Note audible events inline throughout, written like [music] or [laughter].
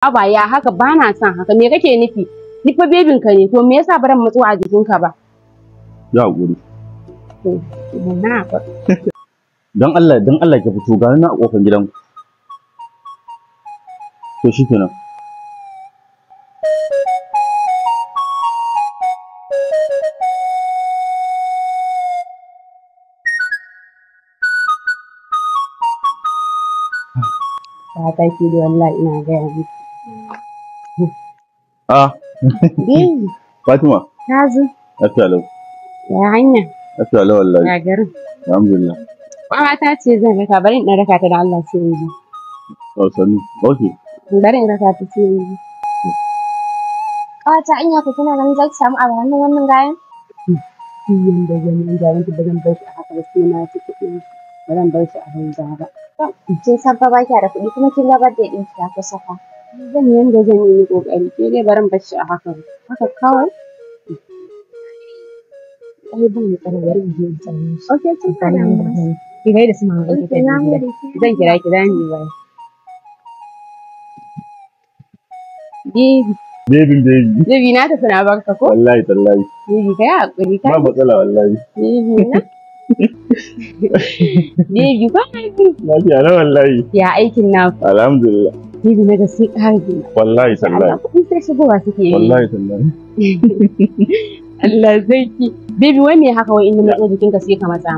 aba ya haka bana san haka me kake nufi ni fa bebin ka ne to me yasa baran matsuwa a jikin ka ba ya hakuri na dan Allah dan Allah ki fito ga na a kofar gidan ku to shikenan ta ke da wallahi ina gaya miki A. Ah. [laughs] Fatima. Lafiya lau. Ya hanya. Lafiya lau wallahi. Ya garin. Alhamdulillah. ta ce zan raka bari in ta da Allah sai Bari in ta sai Kawata anya ku kina ganin zaki samu a wannan wannan gayan? Kiyon da ganin shi a ba da kuɗi kuma kin gabar da ɗinki zan yi yanda zan yi ƙoƙari ke dai barin bacci a haka haka kawai ai ban tsarwar je tsanin shi okay to kana ki da su mama ki kai zan kira ki zan yi bai baby baby baby na tafi na barka ko wallahi tallahi baby kai hakuri kai ba matsala wallahi baby na [laughs] Baby, ba Lafiya na wallahi. Ya aikin na. Alhamdulillah. ni da na Allah zai [laughs] bibi haka jikinka ka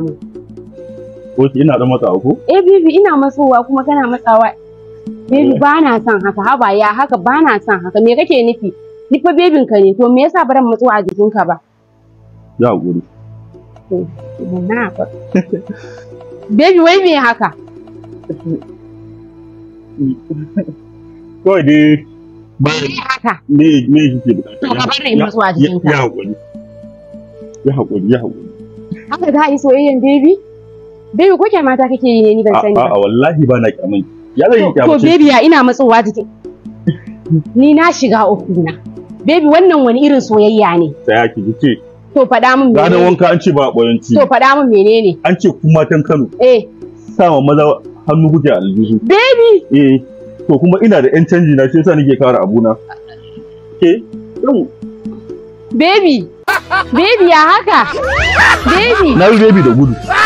ina da ko eh bibi ina matsowa kuma kana matsawa eh. Baby na son haka, haba ya haka son haka, me kake nufi? ka ne, to me yasa baran a jikinka ba? [laughs] me haka? [laughs] kawai dai ni me me kike bukata ni matsuwa cikin ka ya hakuri ya hakuri haka za a yi soyayyen baby baby ko kyamata kake yi ne ni ban sani ba a wallahi ba na kyamun ya zan yi kyamace to baby ya ina matsuwa cikin ni na shiga uku na baby wannan wani irin soyayya ne sai ki ce. to faɗa min menene ranar wanka an ce ba ɓoyanci to faɗa min menene an ce kuma matan Kano eh sama maza hannu guje aljihu baby eh to kuma ina da yan canji na shi yasa nake kara abuna ke yau baby baby ya haka baby na baby da gudu